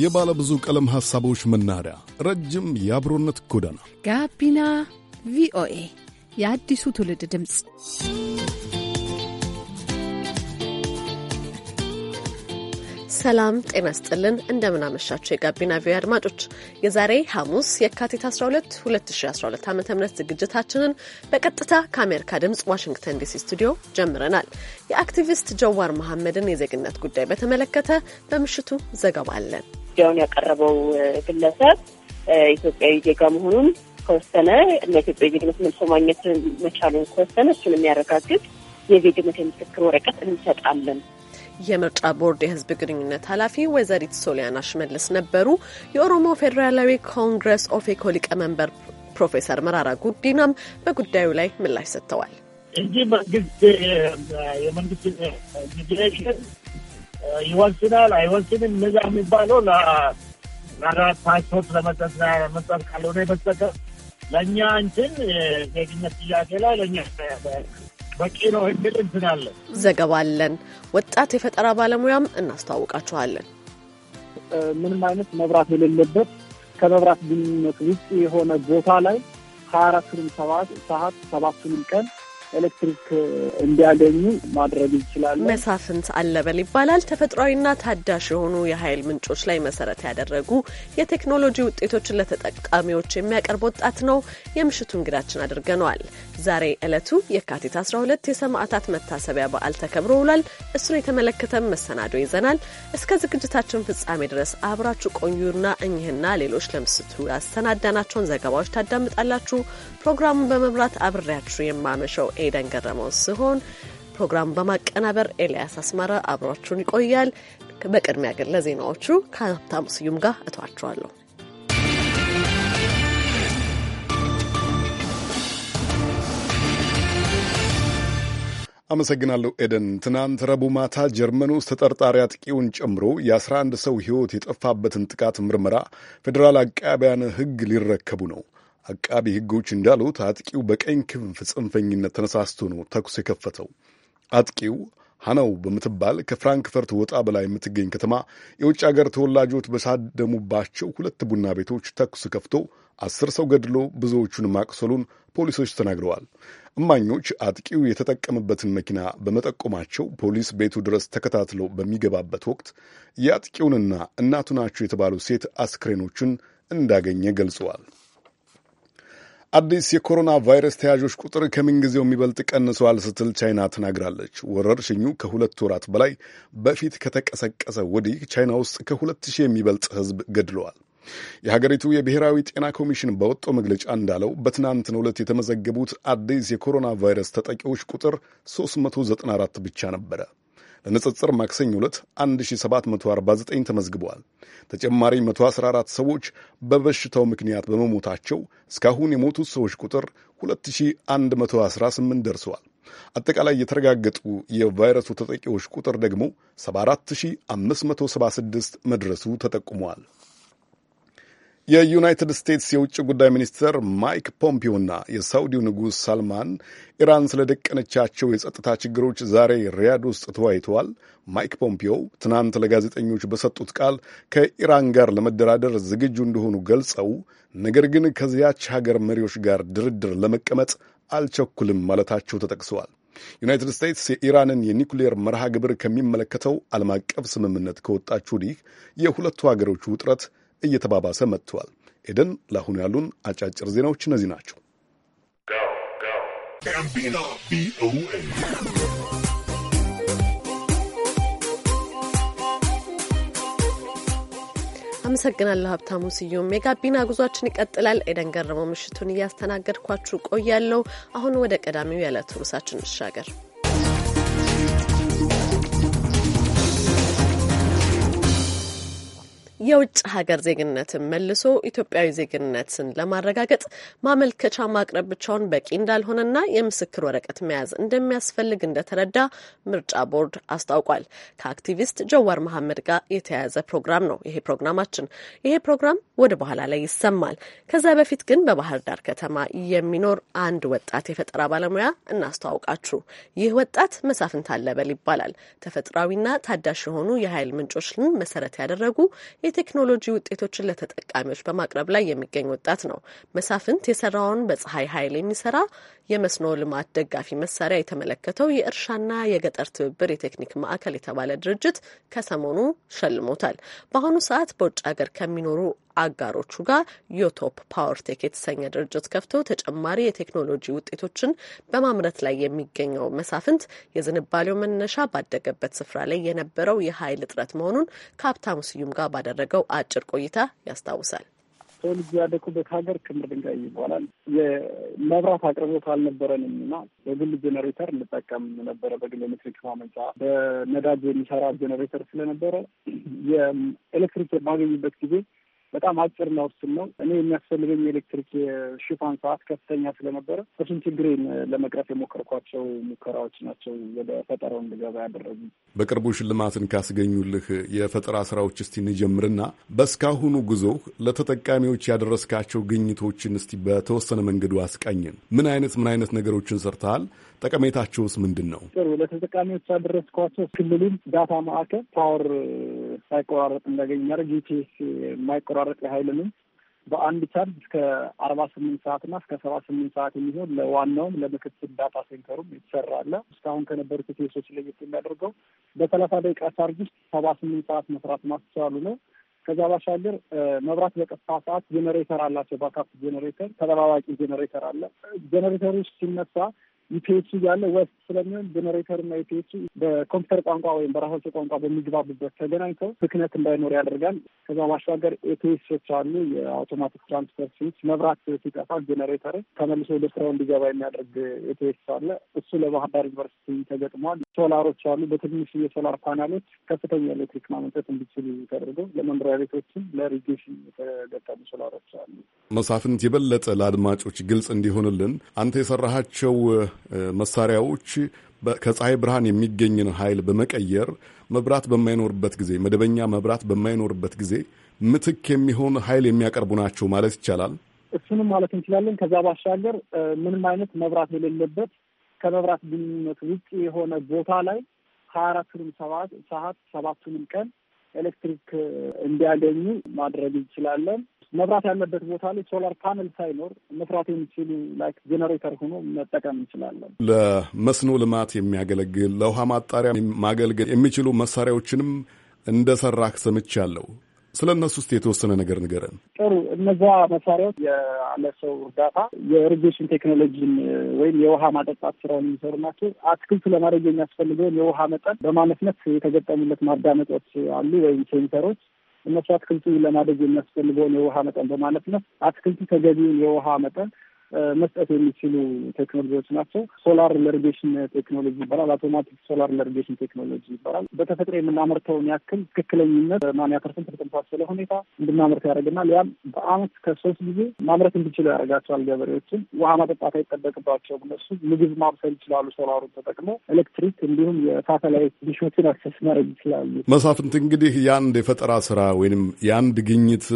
የባለ ብዙ ቀለም ሐሳቦች መናኸሪያ፣ ረጅም የአብሮነት ጎዳና ጋቢና ቪኦኤ የአዲሱ ትውልድ ድምፅ። ሰላም ጤና ስጥልን። እንደምናመሻቸው የጋቢና ቪ አድማጮች የዛሬ ሐሙስ የካቲት 12 2012 ዓ ም ዝግጅታችንን በቀጥታ ከአሜሪካ ድምፅ ዋሽንግተን ዲሲ ስቱዲዮ ጀምረናል። የአክቲቪስት ጀዋር መሐመድን የዜግነት ጉዳይ በተመለከተ በምሽቱ ዘገባ አለን። ጉዳዩን ያቀረበው ግለሰብ ኢትዮጵያዊ ዜጋ መሆኑን ከወሰነ እና ኢትዮጵያ ዜግነት መልሶ ማግኘት መቻሉን ከወሰነ እሱን የሚያረጋግጥ የዜግነት የምስክር ወረቀት እንሰጣለን። የምርጫ ቦርድ የሕዝብ ግንኙነት ኃላፊ ወይዘሪት ሶሊያና ሽመልስ ነበሩ። የኦሮሞ ፌዴራላዊ ኮንግረስ ኦፌኮ ሊቀመንበር ፕሮፌሰር መራራ ጉዲናም በጉዳዩ ላይ ምላሽ ሰጥተዋል። እንጂ መንግስት የመንግስት ሚዲሬሽን ይወስናል አይወስንም፣ እነዛ የሚባለው ለአራት ፓስፖርት ለመስጠት መስጠት ካልሆነ በስተቀር ለእኛ እንትን ዜግነት ጥያቄ ላይ ለእኛ በቂ ነው የሚል እንትን አለ። ዘገባ አለን። ወጣት የፈጠራ ባለሙያም እናስተዋውቃችኋለን። ምንም አይነት መብራት የሌለበት ከመብራት ግንኙነት ውጭ የሆነ ቦታ ላይ ሀያ አራቱንም ሰባት ሰዓት ሰባቱንም ቀን ኤሌክትሪክ እንዲያገኙ ማድረግ ይችላሉ። መሳፍንት አለበል ይባላል። ተፈጥሯዊና ታዳሽ የሆኑ የኃይል ምንጮች ላይ መሰረት ያደረጉ የቴክኖሎጂ ውጤቶችን ለተጠቃሚዎች የሚያቀርብ ወጣት ነው የምሽቱ እንግዳችን አድርገነዋል። ዛሬ ዕለቱ የካቲት 12 የሰማዕታት መታሰቢያ በዓል ተከብሮ ውሏል። እሱን የተመለከተም መሰናዶ ይዘናል። እስከ ዝግጅታችን ፍጻሜ ድረስ አብራችሁ ቆዩና እኚህና ሌሎች ለምስቱ ያሰናዳናቸውን ዘገባዎች ታዳምጣላችሁ። ፕሮግራሙን በመምራት አብሬያችሁ የማመሸው ኤደን ገረመው ሲሆን ፕሮግራም በማቀናበር ኤልያስ አስመረ አብሯችሁን ይቆያል። በቅድሚያ ግን ለዜናዎቹ ከሀብታሙ ስዩም ጋር እተዋችኋለሁ። አመሰግናለሁ ኤደን። ትናንት ረቡዕ ማታ ጀርመን ውስጥ ተጠርጣሪ አጥቂውን ጨምሮ የ11 ሰው ሕይወት የጠፋበትን ጥቃት ምርመራ ፌዴራል አቃቢያን ሕግ ሊረከቡ ነው። አቃቢ ሕጎች እንዳሉት አጥቂው በቀኝ ክንፍ ጽንፈኝነት ተነሳስቶ ነው ተኩስ የከፈተው። አጥቂው ሐናው በምትባል ከፍራንክፈርት ወጣ በላይ የምትገኝ ከተማ የውጭ አገር ተወላጆች በሳደሙባቸው ሁለት ቡና ቤቶች ተኩስ ከፍቶ አስር ሰው ገድሎ ብዙዎቹን ማቁሰሉን ፖሊሶች ተናግረዋል። እማኞች አጥቂው የተጠቀመበትን መኪና በመጠቆማቸው ፖሊስ ቤቱ ድረስ ተከታትለው በሚገባበት ወቅት የአጥቂውንና እናቱ ናቸው የተባሉ ሴት አስክሬኖችን እንዳገኘ ገልጸዋል። አዲስ የኮሮና ቫይረስ ተያዦች ቁጥር ከምንጊዜው የሚበልጥ ቀንሰዋል ስትል ቻይና ተናግራለች። ወረርሽኙ ከሁለት ወራት በላይ በፊት ከተቀሰቀሰ ወዲህ ቻይና ውስጥ ከሁለት ሺህ የሚበልጥ ሕዝብ ገድለዋል። የሀገሪቱ የብሔራዊ ጤና ኮሚሽን በወጣው መግለጫ እንዳለው በትናንትናው ዕለት የተመዘገቡት አዲስ የኮሮና ቫይረስ ተጠቂዎች ቁጥር 394 ብቻ ነበረ። ለንጽጽር ማክሰኞ ዕለት 1749 ተመዝግበዋል። ተጨማሪ 114 ሰዎች በበሽታው ምክንያት በመሞታቸው እስካሁን የሞቱት ሰዎች ቁጥር 2118 ደርሰዋል። አጠቃላይ የተረጋገጡ የቫይረሱ ተጠቂዎች ቁጥር ደግሞ 74576 መድረሱ ተጠቁመዋል። የዩናይትድ ስቴትስ የውጭ ጉዳይ ሚኒስትር ማይክ ፖምፒዮና የሳውዲው ንጉሥ ሳልማን ኢራን ስለደቀነቻቸው የጸጥታ ችግሮች ዛሬ ሪያድ ውስጥ ተወያይተዋል። ማይክ ፖምፒዮ ትናንት ለጋዜጠኞች በሰጡት ቃል ከኢራን ጋር ለመደራደር ዝግጁ እንደሆኑ ገልጸው፣ ነገር ግን ከዚያች ሀገር መሪዎች ጋር ድርድር ለመቀመጥ አልቸኩልም ማለታቸው ተጠቅሰዋል። ዩናይትድ ስቴትስ የኢራንን የኒውክሌር መርሃ ግብር ከሚመለከተው ዓለም አቀፍ ስምምነት ከወጣች ወዲህ የሁለቱ ሀገሮች ውጥረት እየተባባሰ መጥተዋል። ኤደን፣ ለአሁኑ ያሉን አጫጭር ዜናዎች እነዚህ ናቸው። አመሰግናለሁ ሀብታሙ ስዩም። የጋቢና ጉዟችን ይቀጥላል። ኤደን ገረመው ምሽቱን እያስተናገድኳችሁ ቆያለሁ። አሁን ወደ ቀዳሚው ያለ ርዕሳችን እንሻገር። የውጭ ሀገር ዜግነትን መልሶ ኢትዮጵያዊ ዜግነትን ለማረጋገጥ ማመልከቻ ማቅረብ ብቻውን በቂ እንዳልሆነና የምስክር ወረቀት መያዝ እንደሚያስፈልግ እንደተረዳ ምርጫ ቦርድ አስታውቋል። ከአክቲቪስት ጀዋር መሐመድ ጋር የተያያዘ ፕሮግራም ነው ይሄ ፕሮግራማችን። ይሄ ፕሮግራም ወደ በኋላ ላይ ይሰማል። ከዛ በፊት ግን በባህር ዳር ከተማ የሚኖር አንድ ወጣት የፈጠራ ባለሙያ እናስተዋውቃችሁ። ይህ ወጣት መሳፍንት አለበል ይባላል። ተፈጥሯዊና ታዳሽ የሆኑ የኃይል ምንጮችን መሰረት ያደረጉ የቴክኖሎጂ ውጤቶችን ለተጠቃሚዎች በማቅረብ ላይ የሚገኝ ወጣት ነው። መሳፍንት የሰራውን በፀሐይ ኃይል የሚሰራ የመስኖ ልማት ደጋፊ መሳሪያ የተመለከተው የእርሻና የገጠር ትብብር የቴክኒክ ማዕከል የተባለ ድርጅት ከሰሞኑ ሸልሞታል። በአሁኑ ሰዓት በውጭ ሀገር ከሚኖሩ አጋሮቹ ጋር ዮቶፕ ፓወርቴክ የተሰኘ ድርጅት ከፍቶ ተጨማሪ የቴክኖሎጂ ውጤቶችን በማምረት ላይ የሚገኘው መሳፍንት የዝንባሌው መነሻ ባደገበት ስፍራ ላይ የነበረው የኃይል እጥረት መሆኑን ከሀብታሙ ስዩም ጋር ባደረገው አጭር ቆይታ ያስታውሳል። ሰው ልጅ ያደኩበት ሀገር ክምር ድንጋይ ይባላል። የመብራት አቅርቦት አልነበረንም እና በግል ጄኔሬተር እንጠቀም ነበረ። በግል ኤሌክትሪክ ማመንጫ በነዳጅ የሚሰራ ጄኔሬተር ስለነበረ የኤሌክትሪክ የማገኝበት ጊዜ በጣም አጭር ነው ውስን ነው። እኔ የሚያስፈልገኝ የኤሌክትሪክ የሽፋን ሰዓት ከፍተኛ ስለነበረ እሱን ችግሬን ለመቅረፍ የሞከርኳቸው ሙከራዎች ናቸው ወደ ፈጠራው እንድገባ ያደረጉ። በቅርቡ ሽልማትን ካስገኙልህ የፈጠራ ስራዎች እስቲ እንጀምርና በእስካሁኑ ጉዞ ለተጠቃሚዎች ያደረስካቸው ግኝቶችን እስቲ በተወሰነ መንገዱ አስቃኝን። ምን አይነት ምን አይነት ነገሮችን ሰርተሃል? ጠቀሜታችሁስ ምንድን ነው? ጥሩ ለተጠቃሚዎች ያደረስኳቸው ክልሉን ዳታ ማዕከል ፓወር ሳይቆራረጥ እንዳገኝ ያደርግ ዩፒኤስ የማይቆራረጥ የሀይል ምንጭ በአንድ ቻርጅ እስከ አርባ ስምንት ሰዓት እና እስከ ሰባ ስምንት ሰዓት የሚሆን ለዋናውም ለምክትል ዳታ ሴንተሩም ይሰራለ። አለ። እስካሁን ከነበሩት ቴሶች ለየት የሚያደርገው በሰላሳ ደቂቃ ቻርጅ ውስጥ ሰባ ስምንት ሰዓት መስራት ማስቻሉ ነው። ከዛ ባሻገር መብራት በቀጥታ ሰዓት ጄኔሬተር አላቸው። ባካፕ ጄኔሬተር፣ ተጠባባቂ ጄኔሬተር አለ። ጄኔሬተሩ ሲነሳ ኢፒኤሱ እያለ ወስ ስለሚሆን ጀኔሬተር እና ኢፒኤሱ በኮምፒውተር ቋንቋ ወይም በራሳቸው ቋንቋ በሚግባቡበት ተገናኝተው ብክነት እንዳይኖር ያደርጋል። ከዛ ባሻገር ኤፒኤሶች አሉ፣ የአውቶማቲክ ትራንስፈር ስዊች። መብራት ሲጠፋ ጀኔሬተር ተመልሶ ወደ ስራው እንዲገባ የሚያደርግ ኤፒኤስ አለ። እሱ ለባህር ዳር ዩኒቨርሲቲ ተገጥሟል። ሶላሮች አሉ። በትንሽ የሶላር ፓናሎች ከፍተኛ ኤሌክትሪክ ማመንጠት እንዲችሉ ተደርገው ለመኖሪያ ቤቶችም ለሪጌሽን የተገጠሙ ሶላሮች አሉ። መሳፍንት፣ የበለጠ ለአድማጮች ግልጽ እንዲሆንልን አንተ የሰራሃቸው መሳሪያዎች ከፀሐይ ብርሃን የሚገኝን ኃይል በመቀየር መብራት በማይኖርበት ጊዜ መደበኛ መብራት በማይኖርበት ጊዜ ምትክ የሚሆን ኃይል የሚያቀርቡ ናቸው ማለት ይቻላል። እሱንም ማለት እንችላለን። ከዛ ባሻገር ምንም አይነት መብራት የሌለበት ከመብራት ግንኙነት ውጭ የሆነ ቦታ ላይ ሀያ አራቱንም ሰዓት ሰባቱንም ቀን ኤሌክትሪክ እንዲያገኙ ማድረግ እንችላለን። መብራት ያለበት ቦታ ላይ ሶላር ፓነል ሳይኖር መስራት የሚችሉ ላይክ ጄኔሬተር ሆኖ መጠቀም እንችላለን። ለመስኖ ልማት የሚያገለግል ለውሃ ማጣሪያ ማገልገል የሚችሉ መሳሪያዎችንም እንደሰራ ሰራህ ሰምቻለሁ። ስለ እነሱ ውስጥ የተወሰነ ነገር ንገረን። ጥሩ። እነዛ መሳሪያዎች ያለ ሰው እርዳታ የኢሪጌሽን ቴክኖሎጂን ወይም የውሃ ማጠጣት ስራውን የሚሰሩ ናቸው። አትክልት ለማድረግ የሚያስፈልገውን የውሃ መጠን በማመስነት የተገጠሙለት ማዳመጫዎች አሉ ወይም ሴንሰሮች እነሱ አትክልቱ ለማደግ የሚያስፈልገውን የውሃ መጠን በማለት ነው። አትክልቱ ተገቢውን የውሃ መጠን መስጠት የሚችሉ ቴክኖሎጂዎች ናቸው። ሶላር ለርጌሽን ቴክኖሎጂ ይባላል። አውቶማቲክ ሶላር ለርጌሽን ቴክኖሎጂ ይባላል። በተፈጥሮ የምናመርተውን ያክል ትክክለኝነት ማንያ ፐርሰንት በተመሳሰለ ሁኔታ እንድናመርት ያደርግናል። ያም በአመት ከሶስት ጊዜ ማምረት እንዲችሉ ያደርጋቸዋል። ገበሬዎችን ውሃ ማጠጣት አይጠበቅባቸው እነሱ ምግብ ማብሰል ይችላሉ። ሶላሩን ተጠቅመው ኤሌክትሪክ፣ እንዲሁም የሳተላይት ዲሾችን አክሰስ ማድረግ ይችላሉ። መሳፍንት እንግዲህ የአንድ የፈጠራ ስራ ወይም የአንድ ግኝት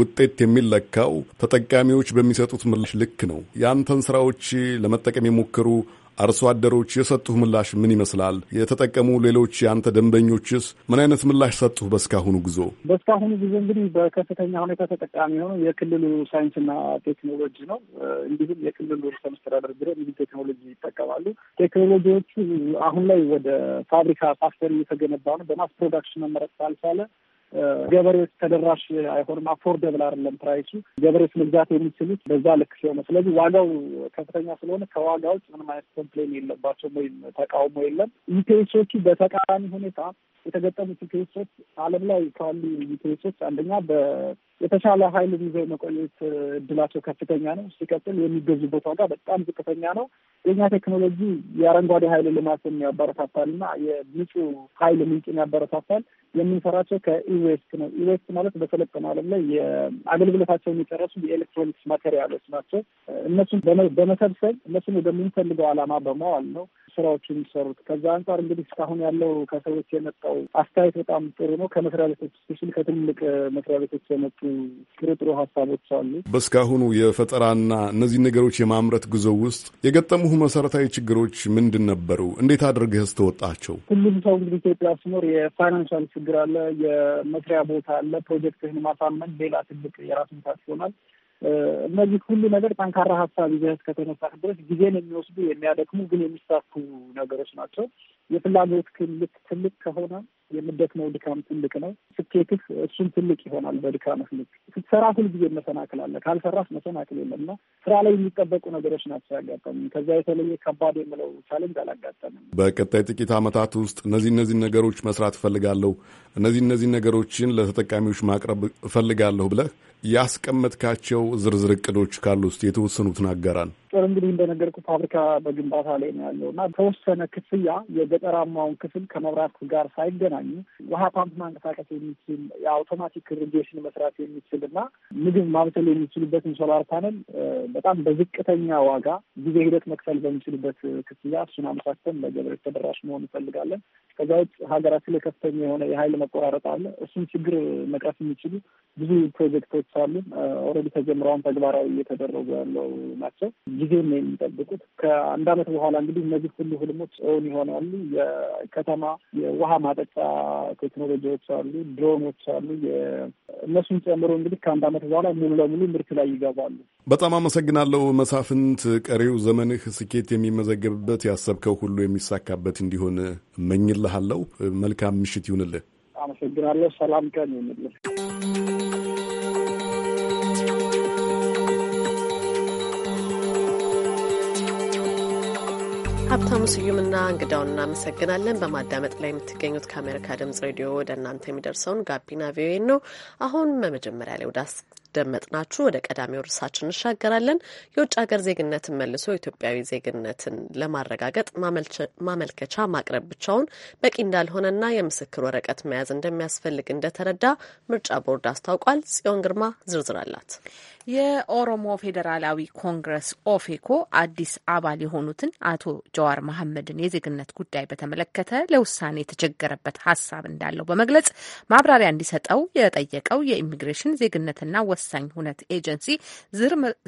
ውጤት የሚለካው ተጠቃሚዎች በሚሰጡት ምላሽ ልክ ነው። ያንተን ስራዎች ለመጠቀም የሞከሩ አርሶ አደሮች የሰጡህ ምላሽ ምን ይመስላል? የተጠቀሙ ሌሎች የአንተ ደንበኞችስ ምን አይነት ምላሽ ሰጡህ? በእስካሁኑ ጉዞ በእስካሁኑ ጉዞ እንግዲህ በከፍተኛ ሁኔታ ተጠቃሚ የሆነው የክልሉ ሳይንስና ቴክኖሎጂ ነው። እንዲሁም የክልሉ ርዕሰ መስተዳድር ቢሮ እንግዲህ ቴክኖሎጂ ይጠቀማሉ። ቴክኖሎጂዎቹ አሁን ላይ ወደ ፋብሪካ ፋክተሪ እየተገነባ ነው። በማስ ፕሮዳክሽን መመረጥ ሳልቻለ ገበሬዎች ተደራሽ አይሆንም። አፎርደብል አይደለም ፕራይሱ ገበሬዎች መግዛት የሚችሉት በዛ ልክ ሲሆነ፣ ስለዚህ ዋጋው ከፍተኛ ስለሆነ ከዋጋ ውጭ ምንም አይነት ኮምፕሌን የለባቸውም ወይም ተቃውሞ የለም። ኢፒኤሶቹ በተቃራኒ ሁኔታ የተገጠሙት ኢፒኤሶች ዓለም ላይ ካሉ ኢፒኤሶች አንደኛ የተሻለ ሀይል ይዘው መቆየት እድላቸው ከፍተኛ ነው። ሲቀጥል የሚገዙበት ዋጋ በጣም ዝቅተኛ ነው። የኛ ቴክኖሎጂ የአረንጓዴ ሀይል ልማትን ያበረታታል እና የንጹህ ሀይል ምንጭን ያበረታታል። የምንሰራቸው ከኢዌስት ነው። ኢዌስት ማለት በሰለጠነው ዓለም ላይ አገልግሎታቸው የሚጨረሱ የኤሌክትሮኒክስ ማቴሪያሎች ናቸው። እነሱን በመሰብሰብ እነሱን ወደምንፈልገው ዓላማ በማዋል ነው ስራዎች የሚሰሩት። ከዛ አንጻር እንግዲህ እስካሁን ያለው ከሰዎች የመጣው አስተያየት በጣም ጥሩ ነው። ከመስሪያ ቤቶች ስፔሻሊ ከትልቅ መስሪያ ቤቶች የመጡ ጥሩ ጥሩ ሀሳቦች አሉ። በእስካሁኑ የፈጠራና እነዚህ ነገሮች የማምረት ጉዞ ውስጥ የገጠሙህ መሰረታዊ ችግሮች ምንድን ነበሩ? እንዴት አድርገህ ስተወጣቸው? ሁሉም ሰው እንግዲህ ኢትዮጵያ ሲኖር የፋይናንሻል ችግር አለ፣ የመስሪያ ቦታ አለ፣ ፕሮጀክትህን ማሳመን ሌላ ትልቅ የራሱ ምታት ይሆናል። እነዚህ ሁሉ ነገር ጠንካራ ሀሳብ ይዘህ እስከተነሳህ ድረስ ጊዜን የሚወስዱ የሚያደክሙ ግን የሚሳኩ ነገሮች ናቸው። የፍላጎት ክልክ ትልቅ ከሆነ የምትደክመው ድካም ትልቅ ነው። ስኬትህ እሱም ትልቅ ይሆናል። በድካምህ ልክ ስትሰራ ሁልጊዜ መሰናክል አለ። ካልሰራህ መሰናክል የለም እና ስራ ላይ የሚጠበቁ ነገሮች ናቸው ያጋጠሙ። ከዛ የተለየ ከባድ የምለው ቻሌንጅ አላጋጠምም። በቀጣይ ጥቂት ዓመታት ውስጥ እነዚህ እነዚህ ነገሮች መስራት እፈልጋለሁ፣ እነዚህ እነዚህ ነገሮችን ለተጠቃሚዎች ማቅረብ እፈልጋለሁ ብለህ ያስቀመጥካቸው ዝርዝር እቅዶች ካሉ ውስጥ የተወሰኑትን አጋራን። ጥር እንግዲህ እንደነገርኩ ፋብሪካ በግንባታ ላይ ነው ያለው እና ተወሰነ ክፍያ የገጠራማውን ክፍል ከመብራት ጋር ሳይገናኙ ውሃ ፓምፕ ማንቀሳቀስ የሚችል የአውቶማቲክ ሪጌሽን መስራት የሚችል እና ምግብ ማብሰል የሚችሉበትን ሶላር ፓነል በጣም በዝቅተኛ ዋጋ ጊዜ ሂደት መክፈል በሚችሉበት ክፍያ እሱን አመቻችተን ለገበሬ ተደራሽ መሆን እንፈልጋለን። ከዛ ውጭ ሀገራችን ላይ ከፍተኛ የሆነ የሀይል መቆራረጥ አለ። እሱን ችግር መቅረፍ የሚችሉ ብዙ ፕሮጀክቶች አሉ። ኦልሬዲ ተጀምረውን ተግባራዊ እየተደረጉ ያለው ናቸው። ጊዜም የሚጠብቁት ከአንድ አመት በኋላ እንግዲህ እነዚህ ሁሉ ህልሞች እውን ይሆናሉ። የከተማ የውሃ ማጠጫ ቴክኖሎጂዎች አሉ፣ ድሮኖች አሉ። እነሱን ጨምሮ እንግዲህ ከአንድ አመት በኋላ ሙሉ ለሙሉ ምርት ላይ ይገባሉ። በጣም አመሰግናለሁ መሳፍንት። ቀሪው ዘመንህ ስኬት የሚመዘገብበት ያሰብከው ሁሉ የሚሳካበት እንዲሆን እመኝልሃለሁ። መልካም ምሽት ይሁንልህ። አመሰግናለሁ። ሰላም ቀን ይሁንልህ። ሀብታሙ ስዩምና እንግዳውን እናመሰግናለን። በማዳመጥ ላይ የምትገኙት ከአሜሪካ ድምጽ ሬዲዮ ወደ እናንተ የሚደርሰውን ጋቢና ቪኦኤ ነው። አሁን በመጀመሪያ ላይ ወደ አስደመጥናችሁ ወደ ቀዳሚው ርዕሳችን እንሻገራለን። የውጭ ሀገር ዜግነትን መልሶ ኢትዮጵያዊ ዜግነትን ለማረጋገጥ ማመልከቻ ማቅረብ ብቻውን በቂ እንዳልሆነና የምስክር ወረቀት መያዝ እንደሚያስፈልግ እንደተረዳ ምርጫ ቦርድ አስታውቋል። ጽዮን ግርማ ዝርዝር አላት። የኦሮሞ ፌዴራላዊ ኮንግረስ ኦፌኮ አዲስ አባል የሆኑትን አቶ ጀዋር መሐመድን የዜግነት ጉዳይ በተመለከተ ለውሳኔ የተቸገረበት ሀሳብ እንዳለው በመግለጽ ማብራሪያ እንዲሰጠው የጠየቀው የኢሚግሬሽን ዜግነትና ወሳኝ ሁነት ኤጀንሲ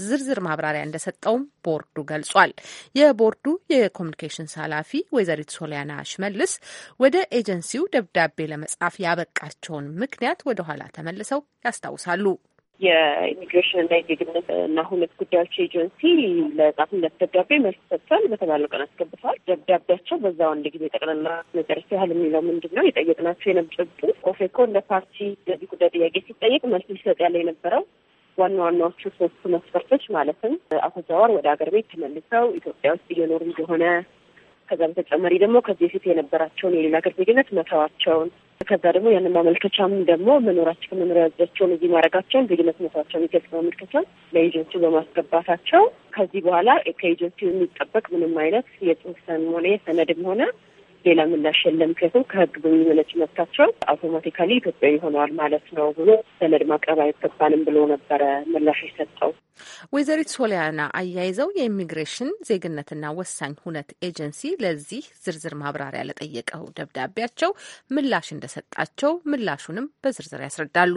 ዝርዝር ማብራሪያ እንደሰጠውም ቦርዱ ገልጿል። የቦርዱ የኮሚኒኬሽንስ ኃላፊ ወይዘሪት ሶሊያና ሽመልስ ወደ ኤጀንሲው ደብዳቤ ለመጻፍ ያበቃቸውን ምክንያት ወደኋላ ተመልሰው ያስታውሳሉ። የኢሚግሬሽን እና የዜግነት እና ሁለት ጉዳዮች ኤጀንሲ ለጻፍነት ደብዳቤ መልስ ሰጥቷል። በተባለው ቀን አስገብተዋል። ደብዳቤያቸው በዛው አንድ ጊዜ ጠቅለላ መጨረስ ያህል የሚለው ምንድን ነው የጠየቅናቸው የነበጡ ኮፌኮ እንደ ፓርቲ ለዚህ ጉዳይ ጥያቄ ሲጠየቅ መልስ ሊሰጥ ያለ የነበረው ዋና ዋናዎቹ ሶስቱ መስፈርቶች ማለትም አቶ ጃዋር ወደ ሀገር ቤት ተመልሰው ኢትዮጵያ ውስጥ እየኖሩ እንደሆነ ከዛ በተጨማሪ ደግሞ ከዚህ በፊት የነበራቸውን የሌላ ሀገር ዜግነት መተዋቸውን ከዛ ደግሞ ያንን ማመልከቻም ደግሞ መኖራቸው ከመኖሪያ ያዛቸውን እዚህ ማድረጋቸውን ዜግነት መተዋቸውን የሚገልጽ ማመልከቻ ለኤጀንሲው በማስገባታቸው ከዚህ በኋላ ከኤጀንሲው የሚጠበቅ ምንም አይነት የጽንሰን ሆነ የሰነድም ሆነ ሌላ ምላሽ የለም። ምክንያቱም ከህግ በሚመነጭ መብታቸው አውቶማቲካሊ ኢትዮጵያ ይሆነዋል ማለት ነው ብሎ ሰነድ ማቅረብ አይገባንም ብሎ ነበረ ምላሽ የሰጠው። ወይዘሪት ሶሊያና አያይዘው የኢሚግሬሽን ዜግነትና ወሳኝ ሁነት ኤጀንሲ ለዚህ ዝርዝር ማብራሪያ ለጠየቀው ደብዳቤያቸው ምላሽ እንደሰጣቸው ምላሹንም በዝርዝር ያስረዳሉ።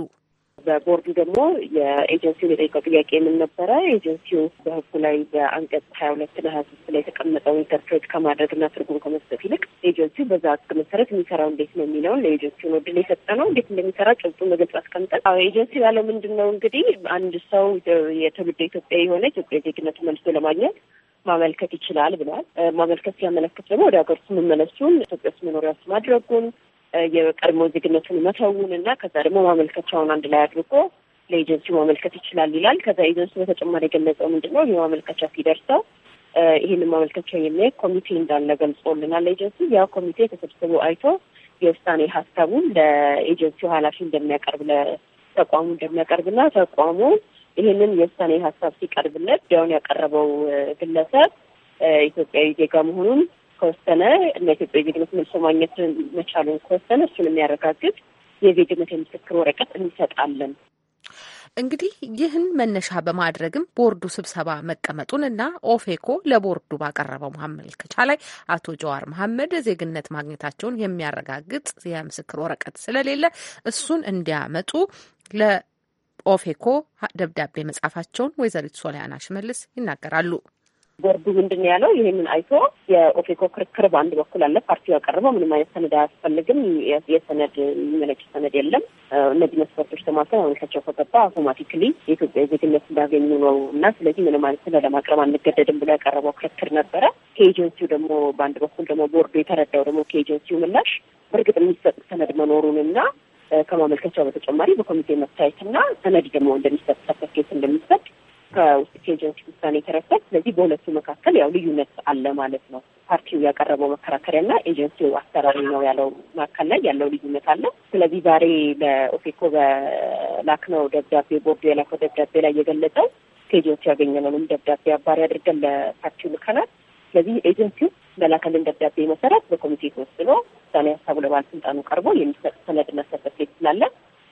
በቦርዱ ደግሞ የኤጀንሲውን የጠየቀው ጥያቄ የምን ነበረ? ኤጀንሲው በህጉ ላይ በአንቀጽ ሀያ ሁለት ና ሀያ ሶስት ላይ የተቀመጠውን ኢንተርፕሬት ከማድረግ ና ትርጉም ከመስጠት ይልቅ ኤጀንሲው በዛ ህግ መሰረት የሚሰራው እንዴት ነው የሚለውን ለኤጀንሲውን ወድ ወድን የሰጠ ነው። እንዴት እንደሚሰራ ጭብጡ በግልጽ አስቀምጠን ኤጀንሲው ያለው ምንድን ነው እንግዲህ አንድ ሰው የትውልደ ኢትዮጵያ የሆነ ኢትዮጵያ ዜግነቱ መልሶ ለማግኘት ማመልከት ይችላል ብለዋል። ማመልከት ሲያመለክት ደግሞ ወደ ሀገር ውስጥ መመለሱን ኢትዮጵያ ውስጥ መኖሪያ ውስጥ ማድረጉን የቀድሞ ዜግነቱን መተውን እና ከዛ ደግሞ ማመልከቻውን አንድ ላይ አድርጎ ለኤጀንሲው ማመልከት ይችላል ይላል። ከዛ ኤጀንሲ በተጨማሪ የገለጸው ምንድን ነው የማመልከቻ ማመልከቻ ሲደርሰው ይህንን ማመልከቻ የሚያይ ኮሚቴ እንዳለ ገልጾልናል። ኤጀንሲ ያ ኮሚቴ ተሰብስቦ አይቶ የውሳኔ ሀሳቡን ለኤጀንሲው ኃላፊ እንደሚያቀርብ ለተቋሙ እንደሚያቀርብና ተቋሙ ይህንን የውሳኔ ሀሳብ ሲቀርብለት ዲያውን ያቀረበው ግለሰብ ኢትዮጵያዊ ዜጋ መሆኑን ከወሰነ እና ኢትዮጵያ የዜግነት መልሶ ማግኘት መቻሉን ከወሰነ እሱን የሚያረጋግጥ የዜግነት የምስክር ወረቀት እንሰጣለን። እንግዲህ ይህን መነሻ በማድረግም ቦርዱ ስብሰባ መቀመጡን እና ኦፌኮ ለቦርዱ ባቀረበው ማመልከቻ ላይ አቶ ጀዋር መሐመድ ዜግነት ማግኘታቸውን የሚያረጋግጥ የምስክር ወረቀት ስለሌለ እሱን እንዲያመጡ ለኦፌኮ ደብዳቤ መጻፋቸውን ወይዘሪት ሶሊያና ሽመልስ ይናገራሉ። ቦርዱ ምንድን ያለው ይህንን አይቶ የኦፌኮ ክርክር በአንድ በኩል አለ። ፓርቲው ያቀረበው ምንም አይነት ሰነድ አያስፈልግም፣ የሰነድ የሚመለጭ ሰነድ የለም። እነዚህ መስፈርቶች ተሟልተው ማመልከቻው ከገባ አውቶማቲክሊ የኢትዮጵያ ዜግነት እንዳገኙ ነው እና ስለዚህ ምንም አይነት ሰነድ ለማቅረብ አንገደድም ብሎ ያቀረበው ክርክር ነበረ። ከኤጀንሲው ደግሞ በአንድ በኩል ደግሞ ቦርዱ የተረዳው ደግሞ ከኤጀንሲው ምላሽ በእርግጥ የሚሰጥ ሰነድ መኖሩንና ከማመልከቻው በተጨማሪ በኮሚቴ መታየትና ሰነድ ደግሞ እንደሚሰጥ ሰርተፍኬት እንደሚሰጥ ከውስጥ ኤጀንሲ ውሳኔ ተረግቷል። ስለዚህ በሁለቱ መካከል ያው ልዩነት አለ ማለት ነው። ፓርቲው ያቀረበው መከራከሪያ መከራከሪያና ኤጀንሲው አሰራሪ ነው ያለው መካከል ላይ ያለው ልዩነት አለ። ስለዚህ ዛሬ ለኦፌኮ በላክነው ደብዳቤ ቦርዱ የላከው ደብዳቤ ላይ የገለጸው ከኤጀንሲ ያገኘነውንም ደብዳቤ አባሪ አድርገን ለፓርቲው ልከናል። ስለዚህ ኤጀንሲው በላከልን ደብዳቤ መሰረት በኮሚቴ ተወስኖ ውሳኔ ሀሳቡ ለባለስልጣኑ ቀርቦ የሚሰጥ ሰነድ መስጠት ስላለ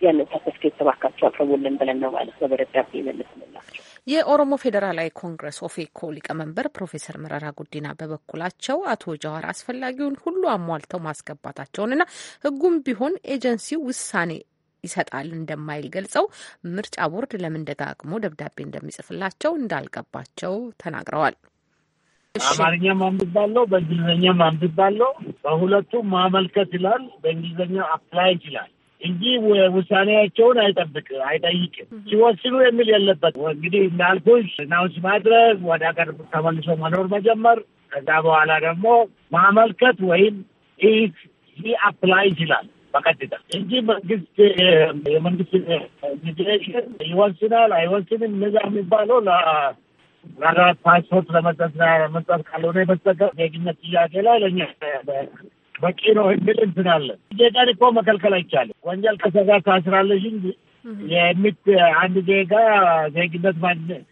ያንን ሰርተፍኬት ተባካቸው አቅርቡልን ብለን ነው ማለት ነው በደብዳቤ የመለስንላቸው። የኦሮሞ ፌዴራላዊ ኮንግረስ ኦፌኮ ሊቀመንበር ፕሮፌሰር መረራ ጉዲና በበኩላቸው አቶ ጀዋር አስፈላጊውን ሁሉ አሟልተው ማስገባታቸውንና ሕጉም ቢሆን ኤጀንሲው ውሳኔ ይሰጣል እንደማይል ገልጸው ምርጫ ቦርድ ለምን ደጋግሞ ደብዳቤ እንደሚጽፍላቸው እንዳልገባቸው ተናግረዋል። አማርኛ ማንብባለው፣ በእንግሊዝኛ ማንብባለው። በሁለቱም ማመልከት ይላል፣ በእንግሊዝኛ አፕላይ ይላል እንጂ ውሳኔያቸውን አይጠብቅ አይጠይቅም። ሲወስኑ የሚል የለበት። እንግዲህ እንዳልኩሽ ናውንስ ማድረግ ወደ ሀገር ተመልሶ መኖር መጀመር፣ ከዛ በኋላ ደግሞ ማመልከት ወይም ኢፍ ሂ አፕላይ ይችላል በቀጥታ እንጂ መንግስት የመንግስት ኢሚግሬሽን ይወስናል አይወስንም እነዛ የሚባለው ለሀገራት ፓስፖርት ለመስጠት ካልሆነ በስተቀር ዜግነት ጥያቄ ላይ ለእኛ በቂ ነው የሚል እንትናለን ዜጋን እኮ መከልከል አይቻልም። ወንጀል ከሰራ ታስራለሽ እንጂ የሚት አንድ ዜጋ ዜግነት ማግኘት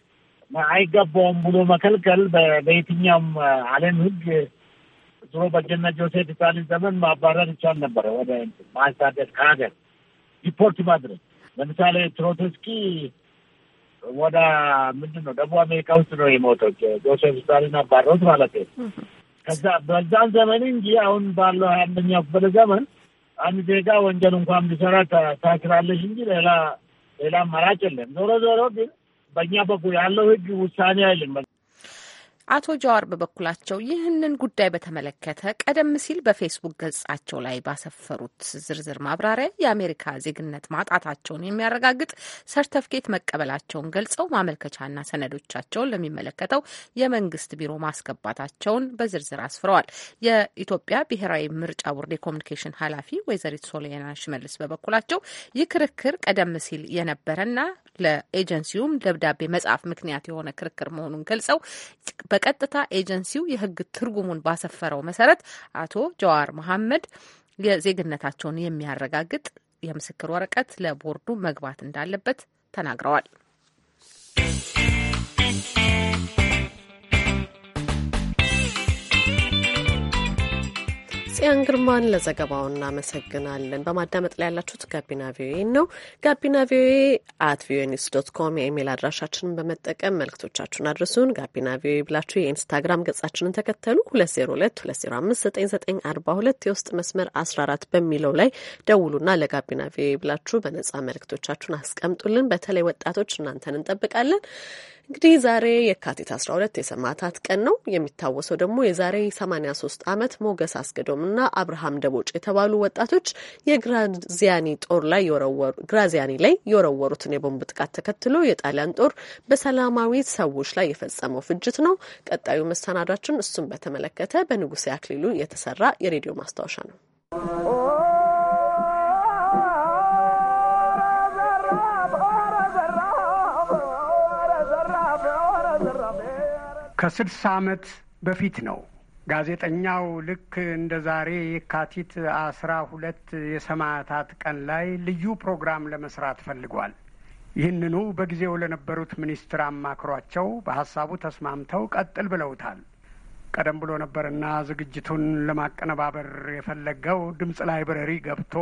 አይገባውም ብሎ መከልከል በየትኛውም ዓለም ህግ ድሮ በጀነት ጆሴፍ ስታሊን ዘመን ማባረር ይቻል ነበረ። ወደ ማሳደድ ከሀገር ዲፖርት ማድረግ ለምሳሌ ትሮትስኪ ወደ ምንድን ነው ደቡብ አሜሪካ ውስጥ ነው የሞተው። ጆሴፍ ስታሊን አባረሩት ማለት ነው። ከዛ በዛን ዘመን እንጂ አሁን ባለው ሀያ አንደኛው ክፍለ ዘመን አንድ ዜጋ ወንጀል እንኳን ቢሰራ ታስራለች እንጂ ሌላ ሌላ አማራጭ የለም። ዞሮ ዞሮ ግን በእኛ በኩል ያለው ህግ ውሳኔ አይልም። አቶ ጃዋር በበኩላቸው ይህንን ጉዳይ በተመለከተ ቀደም ሲል በፌስቡክ ገጻቸው ላይ ባሰፈሩት ዝርዝር ማብራሪያ የአሜሪካ ዜግነት ማጣታቸውን የሚያረጋግጥ ሰርተፍኬት መቀበላቸውን ገልጸው ማመልከቻና ሰነዶቻቸውን ለሚመለከተው የመንግስት ቢሮ ማስገባታቸውን በዝርዝር አስፍረዋል። የኢትዮጵያ ብሔራዊ ምርጫ ቦርድ የኮሚኒኬሽን ኃላፊ ወይዘሪት ሶሊያና ሽመልስ በበኩላቸው ይህ ክርክር ቀደም ሲል የነበረና ለኤጀንሲውም ደብዳቤ መጻፍ ምክንያት የሆነ ክርክር መሆኑን ገልጸው በቀጥታ ኤጀንሲው የህግ ትርጉሙን ባሰፈረው መሰረት አቶ ጀዋር መሐመድ የዜግነታቸውን የሚያረጋግጥ የምስክር ወረቀት ለቦርዱ መግባት እንዳለበት ተናግረዋል። ጽዮን ግርማን ለዘገባው እናመሰግናለን። በማዳመጥ ላይ ያላችሁት ጋቢና ቪኦኤ ነው። ጋቢና ቪኦኤ አት ቪኦኤ ኒውስ ዶት ኮም የኢሜይል አድራሻችንን በመጠቀም መልክቶቻችሁን አድርሱን። ጋቢና ቪኦኤ ብላችሁ የኢንስታግራም ገጻችንን ተከተሉ። 2022059942 የውስጥ መስመር 14 በሚለው ላይ ደውሉና ለጋቢና ቪኦኤ ብላችሁ በነጻ መልክቶቻችሁን አስቀምጡልን። በተለይ ወጣቶች እናንተን እንጠብቃለን። እንግዲህ ዛሬ የካቲት 12 የሰማዕታት ቀን ነው። የሚታወሰው ደግሞ የዛሬ 83 ዓመት ሞገስ አስገዶም እና አብርሃም ደቦጭ የተባሉ ወጣቶች የግራዚያኒ ጦር ላይ ግራዚያኒ ላይ የወረወሩትን የቦምብ ጥቃት ተከትሎ የጣሊያን ጦር በሰላማዊ ሰዎች ላይ የፈጸመው ፍጅት ነው። ቀጣዩ መሰናዷችን እሱን በተመለከተ በንጉሴ አክሊሉ የተሰራ የሬዲዮ ማስታወሻ ነው። ከስድሳ ዓመት በፊት ነው። ጋዜጠኛው ልክ እንደ ዛሬ የካቲት አስራ ሁለት የሰማዕታት ቀን ላይ ልዩ ፕሮግራም ለመስራት ፈልጓል። ይህንኑ በጊዜው ለነበሩት ሚኒስትር አማክሯቸው በሀሳቡ ተስማምተው ቀጥል ብለውታል። ቀደም ብሎ ነበርና ዝግጅቱን ለማቀነባበር የፈለገው ድምፅ ላይብረሪ ገብቶ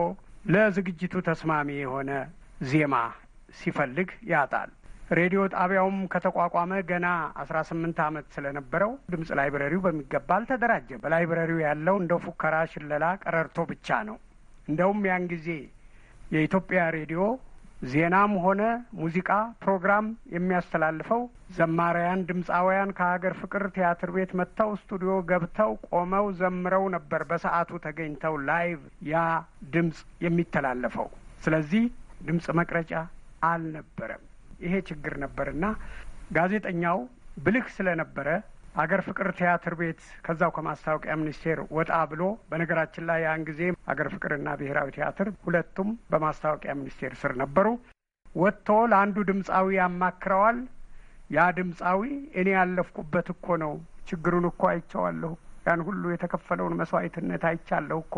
ለዝግጅቱ ተስማሚ የሆነ ዜማ ሲፈልግ ያጣል። ሬዲዮ ጣቢያውም ከተቋቋመ ገና አስራ ስምንት ዓመት ስለነበረው ድምፅ ላይብረሪው በሚገባ አልተደራጀም። በላይብረሪው ያለው እንደ ፉከራ፣ ሽለላ፣ ቀረርቶ ብቻ ነው። እንደውም ያን ጊዜ የኢትዮጵያ ሬዲዮ ዜናም ሆነ ሙዚቃ ፕሮግራም የሚያስተላልፈው ዘማሪያን ድምፃውያን ከሀገር ፍቅር ቲያትር ቤት መጥተው ስቱዲዮ ገብተው ቆመው ዘምረው ነበር በሰዓቱ ተገኝተው ላይቭ ያ ድምፅ የሚተላለፈው። ስለዚህ ድምፅ መቅረጫ አልነበረም። ይሄ ችግር ነበርና ጋዜጠኛው ብልህ ስለነበረ አገር ፍቅር ቲያትር ቤት ከዛው ከማስታወቂያ ሚኒስቴር ወጣ ብሎ በነገራችን ላይ ያን ጊዜ አገር ፍቅርና ብሔራዊ ቲያትር ሁለቱም በማስታወቂያ ሚኒስቴር ስር ነበሩ። ወጥቶ ለአንዱ ድምፃዊ ያማክረዋል። ያ ድምፃዊ እኔ ያለፍኩበት እኮ ነው፣ ችግሩን እኮ አይቸዋለሁ ያን ሁሉ የተከፈለውን መስዋዕትነት አይቻለሁ እኮ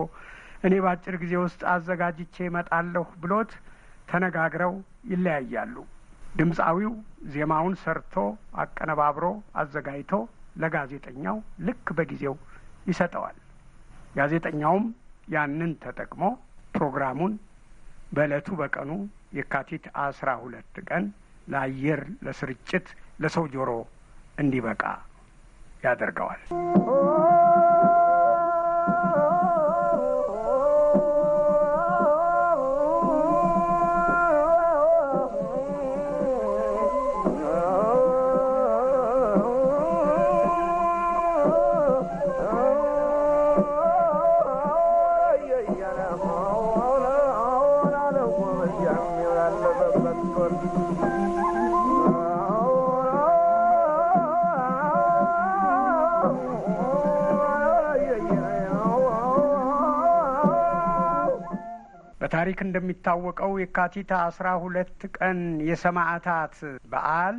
እኔ በአጭር ጊዜ ውስጥ አዘጋጅቼ እመጣለሁ ብሎት ተነጋግረው ይለያያሉ። ድምፃዊው ዜማውን ሰርቶ አቀነባብሮ አዘጋጅቶ ለጋዜጠኛው ልክ በጊዜው ይሰጠዋል። ጋዜጠኛውም ያንን ተጠቅሞ ፕሮግራሙን በዕለቱ በቀኑ የካቲት አስራ ሁለት ቀን ለአየር ለስርጭት ለሰው ጆሮ እንዲበቃ ያደርገዋል። በታሪክ እንደሚታወቀው የካቲት አስራ ሁለት ቀን የሰማዕታት በዓል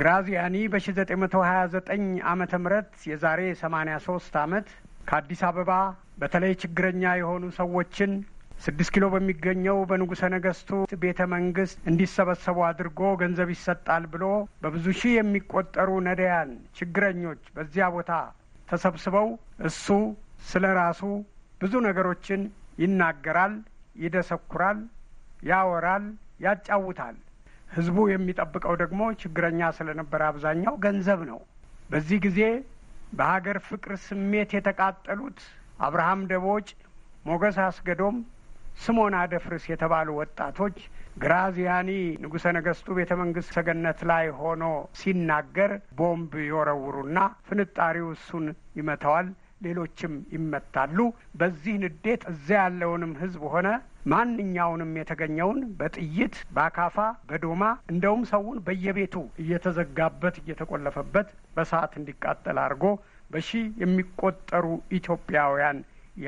ግራዚያኒ በ1929 ዓ ምህረት የዛሬ 83 ዓመት ከአዲስ አበባ በተለይ ችግረኛ የሆኑ ሰዎችን ስድስት ኪሎ በሚገኘው በንጉሠ ነገሥቱ ቤተ መንግሥት እንዲሰበሰቡ አድርጎ ገንዘብ ይሰጣል ብሎ በብዙ ሺህ የሚቆጠሩ ነዳያን ችግረኞች በዚያ ቦታ ተሰብስበው እሱ ስለ ራሱ ብዙ ነገሮችን ይናገራል። ይደሰኩራል፣ ያወራል፣ ያጫውታል። ህዝቡ የሚጠብቀው ደግሞ ችግረኛ ስለነበረ አብዛኛው ገንዘብ ነው። በዚህ ጊዜ በሀገር ፍቅር ስሜት የተቃጠሉት አብርሃም ደቦጭ፣ ሞገስ አስገዶም፣ ስሞና ደፍርስ የተባሉ ወጣቶች ግራዚያኒ ንጉሠ ነገሥቱ ቤተ መንግሥት ሰገነት ላይ ሆኖ ሲናገር ቦምብ ይወረውሩና ፍንጣሪው እሱን ይመታዋል። ሌሎችም ይመታሉ። በዚህ ንዴት እዚያ ያለውንም ህዝብ ሆነ ማንኛውንም የተገኘውን በጥይት በአካፋ በዶማ እንደውም ሰውን በየቤቱ እየተዘጋበት እየተቆለፈበት በሰዓት እንዲቃጠል አድርጎ በሺ የሚቆጠሩ ኢትዮጵያውያን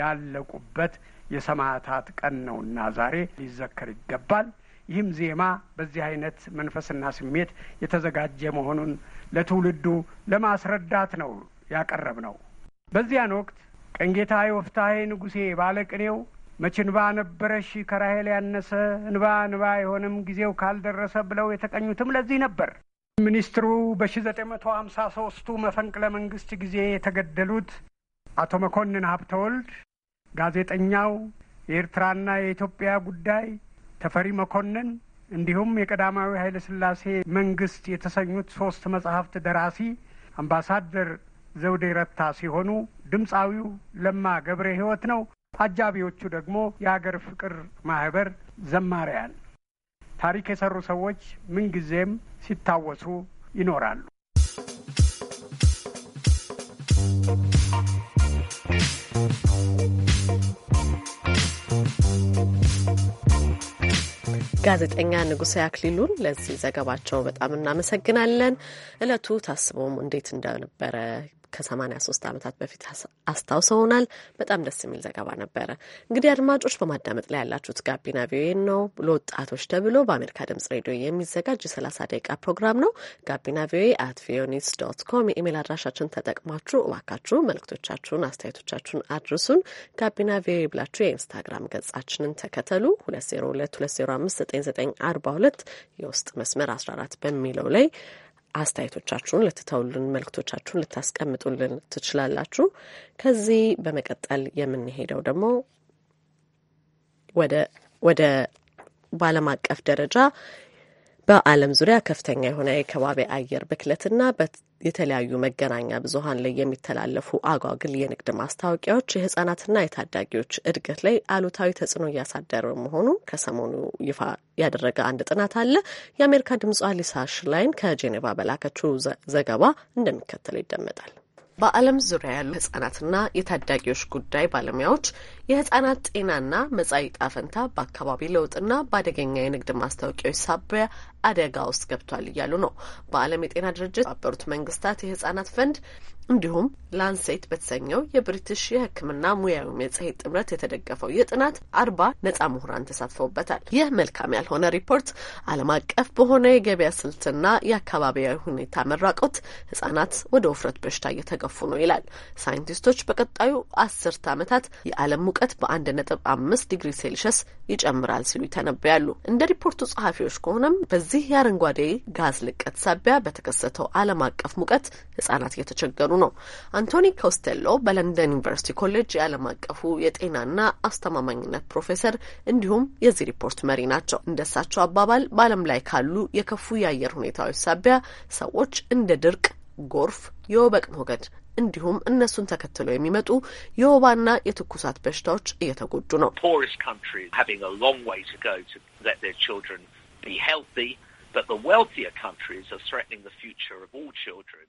ያለቁበት የሰማዕታት ቀን ነውና ዛሬ ሊዘከር ይገባል። ይህም ዜማ በዚህ አይነት መንፈስና ስሜት የተዘጋጀ መሆኑን ለትውልዱ ለማስረዳት ነው ያቀረብ ነው። በዚያን ወቅት ቀንጌታ ወፍታሄ ንጉሴ ባለቅኔው መች እንባ ነበረሽ ከራሄል ያነሰ እንባ እንባ አይሆንም ጊዜው ካልደረሰ ብለው የተቀኙትም ለዚህ ነበር። ሚኒስትሩ መቶ ሀምሳ ቱ መፈንቅለ መንግስት ጊዜ የተገደሉት አቶ መኮንን ሀብተወልድ፣ ጋዜጠኛው፣ የኤርትራና የኢትዮጵያ ጉዳይ ተፈሪ መኮንን እንዲሁም የቀዳማዊ ኃይለ ሥላሴ መንግስት የተሰኙት ሶስት መጽሐፍት ደራሲ አምባሳደር ዘውዴ ረታ ሲሆኑ ድምፃዊው ለማ ገብረ ሕይወት ነው። አጃቢዎቹ ደግሞ የአገር ፍቅር ማህበር ዘማሪያን። ታሪክ የሰሩ ሰዎች ምንጊዜም ሲታወሱ ይኖራሉ። ጋዜጠኛ ንጉሴ አክሊሉን ለዚህ ዘገባቸው በጣም እናመሰግናለን። እለቱ ታስቦም እንዴት እንደነበረ ከ83 ዓመታት በፊት አስታውሰውናል። በጣም ደስ የሚል ዘገባ ነበረ። እንግዲህ አድማጮች በማዳመጥ ላይ ያላችሁት ጋቢና ቪኦኤ ነው ለወጣቶች ተብሎ በአሜሪካ ድምጽ ሬዲዮ የሚዘጋጅ የ30 ደቂቃ ፕሮግራም ነው። ጋቢና ቪኦኤ አት ቪኦኤ ኒውስ ዶት ኮም የኢሜል አድራሻችን ተጠቅማችሁ እባካችሁ መልእክቶቻችሁን፣ አስተያየቶቻችሁን አድርሱን። ጋቢና ቪኦኤ ብላችሁ የኢንስታግራም ገጻችንን ተከተሉ 2022059942 የውስጥ መስመር 14 በሚለው ላይ አስተያየቶቻችሁን ልትተውልን፣ መልክቶቻችሁን ልታስቀምጡልን ትችላላችሁ። ከዚህ በመቀጠል የምንሄደው ደግሞ ወደ ወደ በዓለም አቀፍ ደረጃ በዓለም ዙሪያ ከፍተኛ የሆነ የከባቢ አየር ብክለትና የተለያዩ መገናኛ ብዙኃን ላይ የሚተላለፉ አጓግል የንግድ ማስታወቂያዎች የህጻናትና የታዳጊዎች እድገት ላይ አሉታዊ ተጽዕኖ እያሳደረ መሆኑ ከሰሞኑ ይፋ ያደረገ አንድ ጥናት አለ። የአሜሪካ ድምጿ ሊሳ ሽላይን ከጄኔቫ በላከችው ዘገባ እንደሚከተለው ይደመጣል። በዓለም ዙሪያ ያሉ ህጻናትና የታዳጊዎች ጉዳይ ባለሙያዎች የህጻናት ጤናና መጻኢ ዕጣ ፈንታ በአካባቢ ለውጥና በአደገኛ የንግድ ማስታወቂያዎች ሳቢያ አደጋ ውስጥ ገብቷል እያሉ ነው። በዓለም የጤና ድርጅት የተባበሩት መንግስታት የህጻናት ፈንድ እንዲሁም ላንሴት በተሰኘው የብሪትሽ የሕክምና ሙያዊ መጽሔት ጥምረት የተደገፈው የጥናት አርባ ነጻ ምሁራን ተሳትፈውበታል። ይህ መልካም ያልሆነ ሪፖርት ዓለም አቀፍ በሆነ የገበያ ስልትና የአካባቢያዊ ሁኔታ መራቆት ህጻናት ወደ ውፍረት በሽታ እየተገፉ ነው ይላል። ሳይንቲስቶች በቀጣዩ አስርት ዓመታት የዓለም ሙቀት በአንድ ነጥብ አምስት ዲግሪ ሴልሸስ ይጨምራል ሲሉ ይተነብያሉ። እንደ ሪፖርቱ ጸሐፊዎች ከሆነም በዚህ የአረንጓዴ ጋዝ ልቀት ሳቢያ በተከሰተው ዓለም አቀፍ ሙቀት ህጻናት እየተቸገሩ ነው። አንቶኒ ኮስቴሎ በለንደን ዩኒቨርሲቲ ኮሌጅ የዓለም አቀፉ የጤናና አስተማማኝነት ፕሮፌሰር እንዲሁም የዚህ ሪፖርት መሪ ናቸው። እንደሳቸው አባባል በዓለም ላይ ካሉ የከፉ የአየር ሁኔታዎች ሳቢያ ሰዎች እንደ ድርቅ፣ ጎርፍ፣ የወበቅ ሞገድ እንዲሁም እነሱን ተከትለው የሚመጡ የወባና የትኩሳት በሽታዎች እየተጎዱ ነው። But the wealthier countries are threatening the future of all children.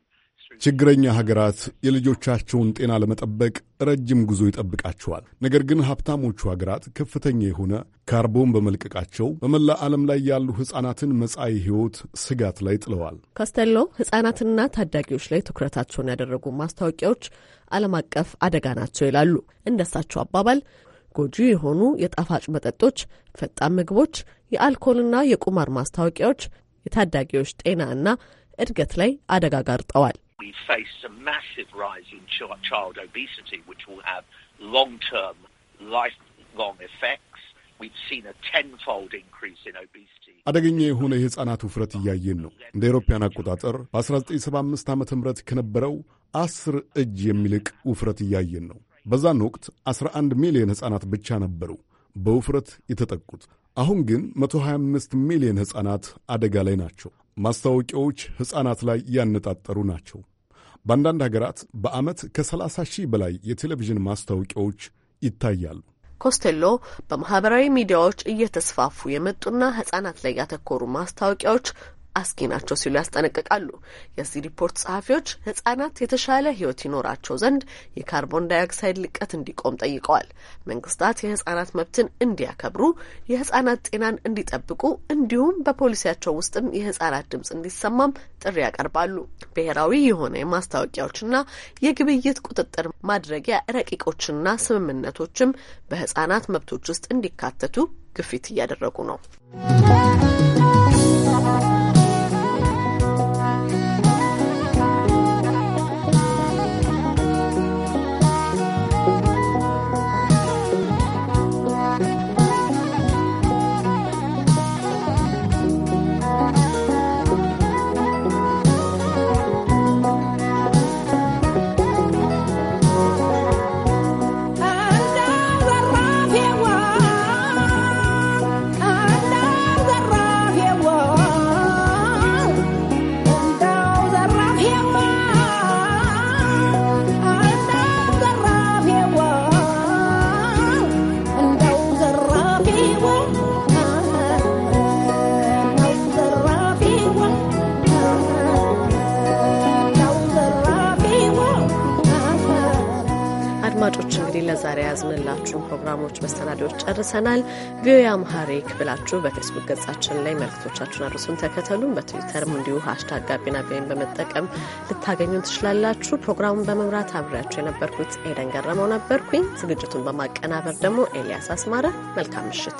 ችግረኛ ሀገራት የልጆቻቸውን ጤና ለመጠበቅ ረጅም ጉዞ ይጠብቃቸዋል። ነገር ግን ሀብታሞቹ ሀገራት ከፍተኛ የሆነ ካርቦን በመልቀቃቸው በመላ ዓለም ላይ ያሉ ሕፃናትን መጻኢ ሕይወት ስጋት ላይ ጥለዋል። ካስተሎ ሕፃናትና ታዳጊዎች ላይ ትኩረታቸውን ያደረጉ ማስታወቂያዎች ዓለም አቀፍ አደጋ ናቸው ይላሉ። እንደሳቸው አባባል ጎጂ የሆኑ የጣፋጭ መጠጦች፣ ፈጣን ምግቦች፣ የአልኮልና የቁማር ማስታወቂያዎች የታዳጊዎች ጤና እና እድገት ላይ አደጋ ጋርጠዋል። we face a massive rise in ch- child obesity, which will have long-term, lifelong effects. We've seen a tenfold increase in obesity. አደገኛ የሆነ የሕፃናት ውፍረት እያየን ነው። እንደ ኤሮፓያን አቆጣጠር በ1975 ዓ ም ከነበረው አስር እጅ የሚልቅ ውፍረት እያየን ነው። በዛን ወቅት 11 ሚሊዮን ሕፃናት ብቻ ነበሩ በውፍረት የተጠቁት። አሁን ግን 125 ሚሊዮን ሕፃናት አደጋ ላይ ናቸው። ማስታወቂያዎች ሕፃናት ላይ ያነጣጠሩ ናቸው። በአንዳንድ ሀገራት በዓመት ከ30 ሺህ በላይ የቴሌቪዥን ማስታወቂያዎች ይታያሉ። ኮስቴሎ በማህበራዊ ሚዲያዎች እየተስፋፉ የመጡና ህጻናት ላይ ያተኮሩ ማስታወቂያዎች አስጊ ናቸው ሲሉ ያስጠነቅቃሉ። የዚህ ሪፖርት ጸሐፊዎች ህጻናት የተሻለ ህይወት ይኖራቸው ዘንድ የካርቦን ዳይኦክሳይድ ልቀት እንዲቆም ጠይቀዋል። መንግስታት የህጻናት መብትን እንዲያከብሩ፣ የህጻናት ጤናን እንዲጠብቁ እንዲሁም በፖሊሲያቸው ውስጥም የህጻናት ድምጽ እንዲሰማም ጥሪ ያቀርባሉ። ብሔራዊ የሆነ የማስታወቂያዎችና የግብይት ቁጥጥር ማድረጊያ ረቂቆችና ስምምነቶችም በህጻናት መብቶች ውስጥ እንዲካተቱ ግፊት እያደረጉ ነው። ጨርሰናል። ቪኦኤ አምሃሪክ ብላችሁ በፌስቡክ ገጻችን ላይ መልእክቶቻችሁን አድርሱን፣ ተከተሉን። በትዊተርም እንዲሁ ሀሽታግ ጋቢና ቪኦኤን በመጠቀም ልታገኙን ትችላላችሁ። ፕሮግራሙን በመምራት አብሬያችሁ የነበርኩት ኤደን ገረመው ነበርኩኝ። ዝግጅቱን በማቀናበር ደግሞ ኤልያስ አስማረ። መልካም ምሽት።